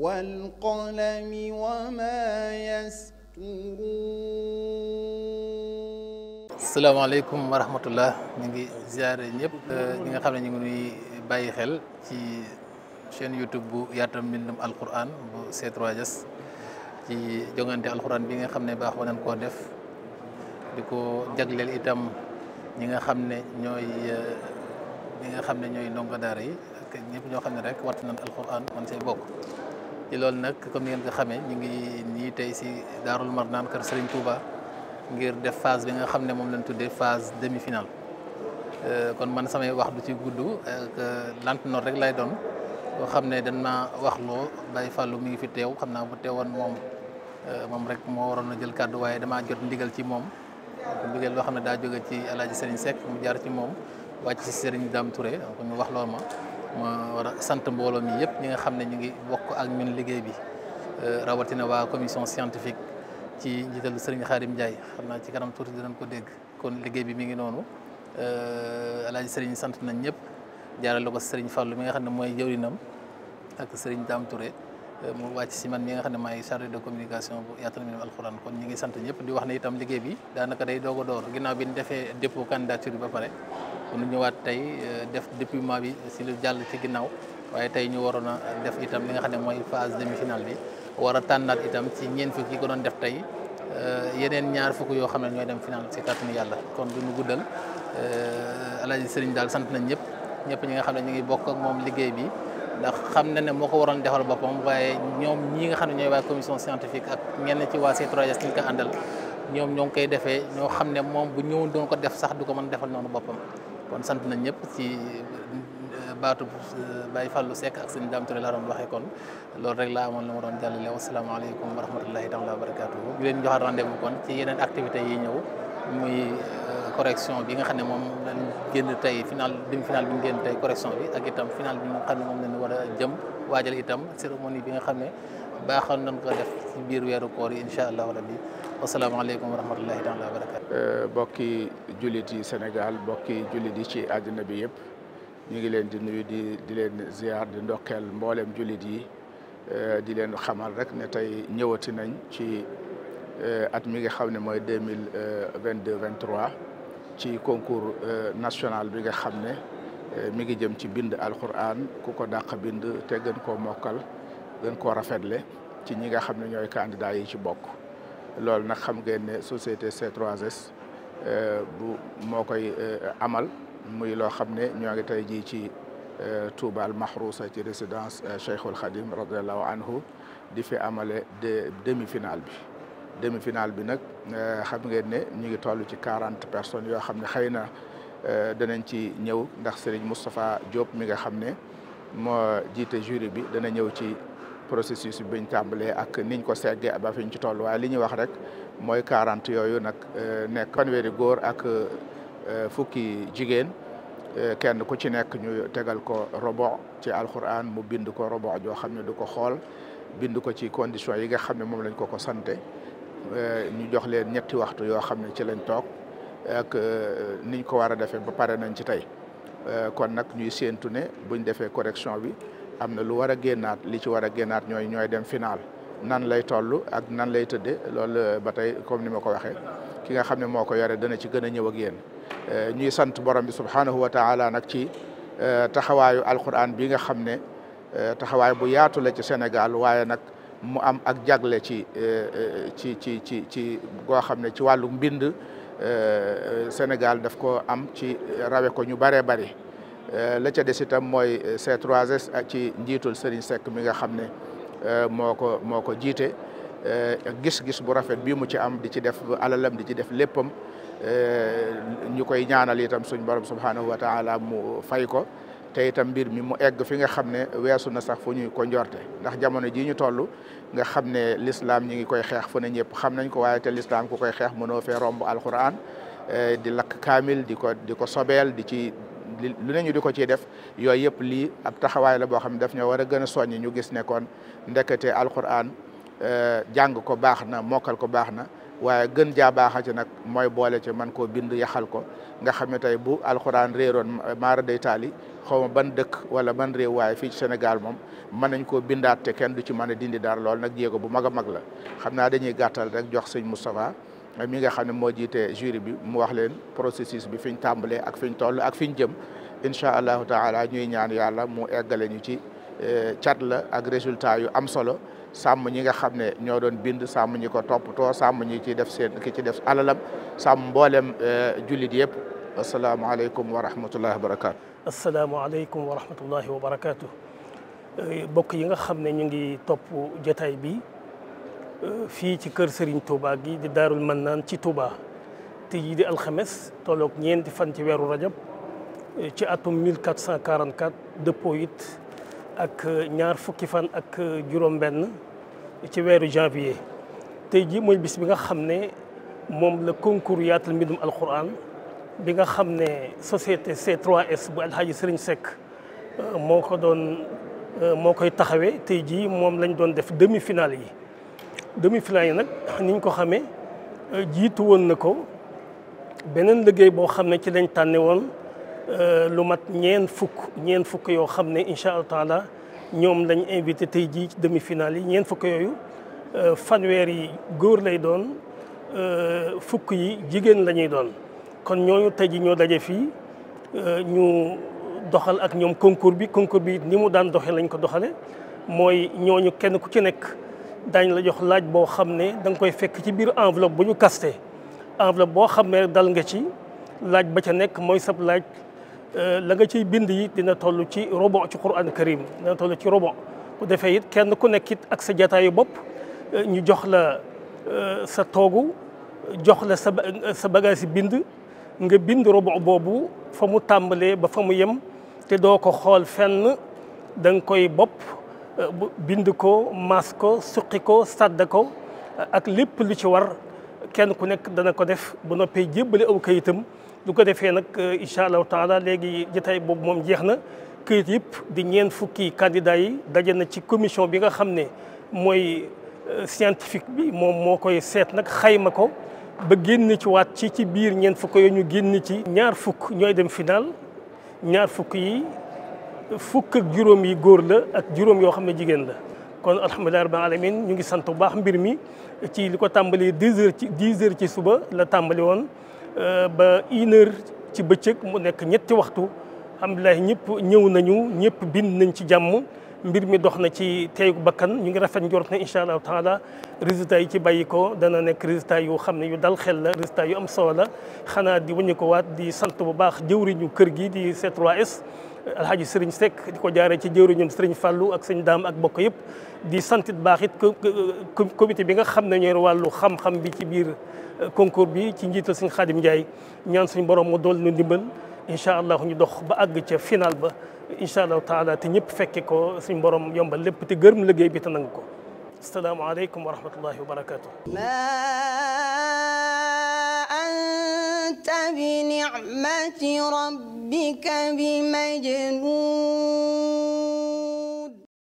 والقلم وما يسطرون salaamaaleykum wa rahmatullah ñu ngi ziare ñëpp ñi nga xam ne ñu ngi nuy bàyyi xel ci chaîne YouTube bu Yaatal Mbindum Alquran bu C3S ci jongante alquran bi nga xam ne baaxoo nañ koo def di ko jagleel itam ñi nga xam ne ñooy ñi nga xam ne ñooy ndongo daar yi ak ñoo xam ne rek warti nañ alquran man see bokk ci loolu nag comme ngeen ko xamee ñu ngi nii tey si daarul marnaan kër Serigne Touba ngir def phase bi nga xam ne moom lañ tuddee phase demi-finale euh, kon man samay wax du ci gudd ak euh, lant noor rek lay doon boo xam ne dañ ma wax loo Baye Fallou mu ngi fi teew xam naa bu teewoon moom euh, moom rek moo waroon a jël kàddu waaye damaa jot ndigal ci moom ndigal loo xam ne daa jóge ci El Hadj Serigne Seck mu ci moom wàcc si Serigne Dame Touré kon mu wax loolu ma ma sant mbooloo mi yëpp ñi nga xam ne ñu ngi bokk ak ñun liggéey bi euh, rawatina waa commission scientifique ci njiitalu sëriñ xaarim Ndiaye xam naa ci kanam tuuti dinañ ko dégg kon liggéey bi mi ngi noonu euh, alaaji Serigne sant nañ ñëpp jaarale ko Serigne Fallou nga xam ne mooy jëwrinam ak Serigne Dame Touré euh, mu wàcc si man mi nga xam ne maay chargé de communication bu Yaatal Mbindum Alxuraan kon ñu ngi sant ñëpp di wax ne itam liggéey bi daanaka day doog a door ginnaaw bi ñu defee dépôt bi ba pare ñu ñëwaat tey euh, def dépouillement bi si lu jàll ci ginnaaw waaye tey ñu waroon a def itam li nga xam ne mooy phase demi-finale bi war a tànnaat itam ci ñeen fukk ko doon def tey euh, yeneen ñaar fukk yoo xam ne ñooy dem finale si kàttanu yàlla kon du ñu guddal euh, Alaaji Sëriñ daal sant nañ ñëpp ñëpp ñi nga xam ne ñu ngi bokk ak moom liggéey bi ndax xam na ne moo ko waroon defal boppam waaye ñoom ñi nga xam ne ñooy waa commission scientifique ak ñenn ci waa C3S ko àndal ñoom ñoo ngi koy defee ñoo xam ne moom bu ñëwoon doon ko def sax du ko mën defal noonu boppam kon sant nañ ñëpp ci euh, baatu euh, Baye Fallou Seck ak sëñ Dame Touré laa doon waxee kon loolu rek laa amoon lu ma doon jàllale wasalaamaaleykum wa rahmatullahi taala wa barakatuhu di leen joxaat rendez-vous kon ci yeneen activité yi ñëw muy euh, correction bi nga xam ne moom lañ génn tey final demi final bi ñu génn tey correction bi ak itam final bi nga xam ne moom lañ war a jëm waajal itam cérémonie bi nga xam ne baaxal nañ ko def ci biir weeru koor yi incha allah rabbi asalaamaaleykum wa rahmatullahi taala eh, bokki jullit yi Sénégal bokki jullit yi ci àddina bi yëpp ñu ngi leen di nuyu di di leen ziar di ndokkeel mboolem jullit yi eh, di leen xamal rek ne tey ñëwati nañ ci eh, at mi nga xam ne mooy deux mille vingt deux vingt trois ci concours national bi nga xam ne mi ngi jëm ci bind alquran ku ko dàq bind te gën koo mokkal gën koo rafetle ci ñi nga xam ne ñooy candidat yi ci bokk. loolu nag xam ngeen ne société C3S euh, bu moo koy euh, amal muy loo xam ne ñoo ngi tey jii ci euh, Touba al Mahrousa ci résidence Cheikhul Khadim radiallahu anhu di fi amale de demi-finale bi demi-finale bi nag xam ngeen ne ñu ngi toll ci quarante personnes yoo xam ne xëy na danañ ci ñëw ndax Serigne Moustapha Diop mi nga xam ne moo jiite jury bi dana ñëw ci processus biñ tàmbalee ak niñ ko seggee ba fiñ ci toll waaye li ñuy wax rek mooy quarante yooyu nag euh, nekk weeri góor ak euh, fukki jigéen euh, kenn ku ci nekk ñu tegal ko robo ci alquran mu bind ko robo joo xam ne du ko xool bind ko ci condition yi nga xam ne moom lañ ko ko sante ñu jox leen ñetti waxtu yoo xam ne ci lañ toog ak niñ ko war a defee ba pare nañ ci tey kon nag ñuy séentu ne buñ defee correction bi am na lu war a génnaat li ci war a génnaat ñooy ñooy dem final nan lay toll ak nan lay tëddee loolu euh, ba tey comme ni ma ko waxee ki nga xam ne moo ko yore dana ci gën a ñëw ak yéen euh, ñuy sant borom bi subhanahu wa taala nag ci euh, taxawaayu alquran bi nga xam ne taxawaay bu yaatu la ci Sénégal waaye nag mu am ak jagle ci ci ci ci ci goo xam ne ci wàllu mbind Sénégal def ko am ci rawe ko ñu baree bari Euh, la ca des itam mooy euh, C3S ak ci njiitul Serigne sek mi nga xam ne euh, moo ko moo ko jiite gis-gis bu rafet bii mu ci am di ci def alalam di ci def léppam ñu koy ñaanal itam suñ borom subhanahu wa taala mu fay ko te itam mbir mi mu egg fi nga xam ne weesu na sax fo ñuy ko njorte ndax jamono jii ñu toll nga xam ne lislaam ñi ngi koy xeex fo ne ñëpp xam nañ ko waaye te lislaam ku koy xeex mënoo fe romb alquran di lakk kaamil di di ko sobeel di ci lu ne ñu di ko ciy def yooyu yëpp lii ab taxawaay la boo xam ne daf ñoo war a gën a soññi ñu gis ne kon ndekete alquran euh, jàng ko baax na mokkal ko baax na waaye gën jaa baaxa ci nag mooy boole ci man koo bind yaxal ko nga xam ne tey bu alxuraan réeroon maara day taali xaw ma ban dëkk wala ban réew waaye fii ci Sénégal moom mën nañ koo bindaat te kenn du ci mën a dindi dara lool nag jéego bu mag a mag la xam naa dañuy gàttal rek jox sëñ Moustapha mi nga xam ne moo jiite jury bi mu wax leen processus bi fi ñu tàmbalee ak fi ñu toll ak fi ñu jëm incha allahu taala ñuy ñaan yàlla mu eggale ñu ci eh, cat la ak résultat yu am solo sàmm ñi nga xam ne ñoo doon bind sàmm ñi ko toppatoo sàmm ñi ci def seen ki ci def alalam sàmm mboolem eh, jullit yëpp asalaamaaleykum wa rahmatullahi wa barakaatu. asalaamaaleykum wa rahmatullahi mbokk eh, yi nga xam ne ñu ngi top jotaay bi. fii ci kër Serigne Touba gi di Daarul Mannaan ci Touba te yi di alxames tolloog ñeenti fan ci weeru rajab ci atum 1444 dëppoo it ak ñaar fukki fan ak juróom-benn ci weeru janvier. tey jii mooy bis bi nga xam ne moom la concours yaatal mbindum alquran bi nga xam ne société C3S bu Alhaji Serigne Seck euh, moo ko doon euh, moo koy taxawee tey jii moom lañ doon def demi-finale yi. demi-finale yi nag ni ko xamee jiitu woon na ko beneen liggéey boo xam ne ci lañ tànne woon euh, lu mat ñeen fukk ñeen fukk yoo xam ne incha allah taala ñoom lañu invité tey jii ci demi-finale yi ñeen fukk yooyu euh, fanweer yi góor lay doon euh, fukk yi jigéen la ñuy doon kon ñooñu tey ji ñoo daje fii ñu doxal ak ñoom concours bi concours bi ni mu daan doxee lañu ko doxale mooy ñooñu kenn ku ci nekk daañ la jox laaj boo xam ne danga koy fekk ci biir enveloppe bu ñu kaste enveloppe boo xam ne dal nga ci laaj ba ca nekk mooy sab laaj euh, la nga ciy bind yi dina toll ci robo ci Quran Karim dina toll ci robo bu defee it kenn ku nekk it ak sa jataayu bopp euh, ñu jox la euh, sa toogu jox la sa sa bagage yi bind nga bind robo boobu fa mu tàmbalee ba fa mu yem te doo ko xool fenn da koy bopp bind ko maas ko suqi ko sadd ko ak lépp lu ci war kenn ku nekk dana ko def ba noppee jébbale aw kayitam lu ko defee nag euh, incha allahu taala léegi jotaay boobu moom jeex na këyit yëpp di ñeen fukki candidat yi daje na ci commission bi nga xam ne mooy euh, scientifique bi moom moo koy seet nag xayma ko ba génn ci waat ci ci biir ñeent fukk yooyu ñu génn ci ñaar fukk ñooy dem final ñaar fukk yi fukk juróom yi góor la ak juróom yoo xam ne jigéen la kon alhamdulilah rabbil alamin ñu ngi sant bu baax mbir mi ci li ko tàmbali dix heures ci dix heures ci suba la tàmbali woon euh, ba une ci bëccëg mu nekk ñetti waxtu alhamdulilah ñëpp ñëw nañu ñëpp bind nañ ci jàmm mbir mi dox na ci teyu bakkan ñu ngi rafet njort ne incha allahu taala résultat yi ci bàyyi ko dana nekk résultat yu xam ne yu dal xel la résultat yu am solo la xanaa di wëññi ko waat di sant bu baax jëwriñu kër gi di c alhaji Serigne Seck di ko jaaree ci jëwriñam Serigne Fallou ak sëñ daam ak bokk yëpp di santit baax it comité bi nga xam ne ñooy wàllu xam-xam bi ci biir euh, concours bi ci njiito sëñ Xaadim Ndiaye ñaan suñu borom mu dool na ndimbal incha allah ñu dox ba àgg ca final ba incha allahu taala te ñëpp fekke ko suñu borom yombal lépp te gërëm liggéey bi te nangu ko asalaamaaleykum wa rahmatullahi wa barakaatu. كنت بنعمة ربك بمجنون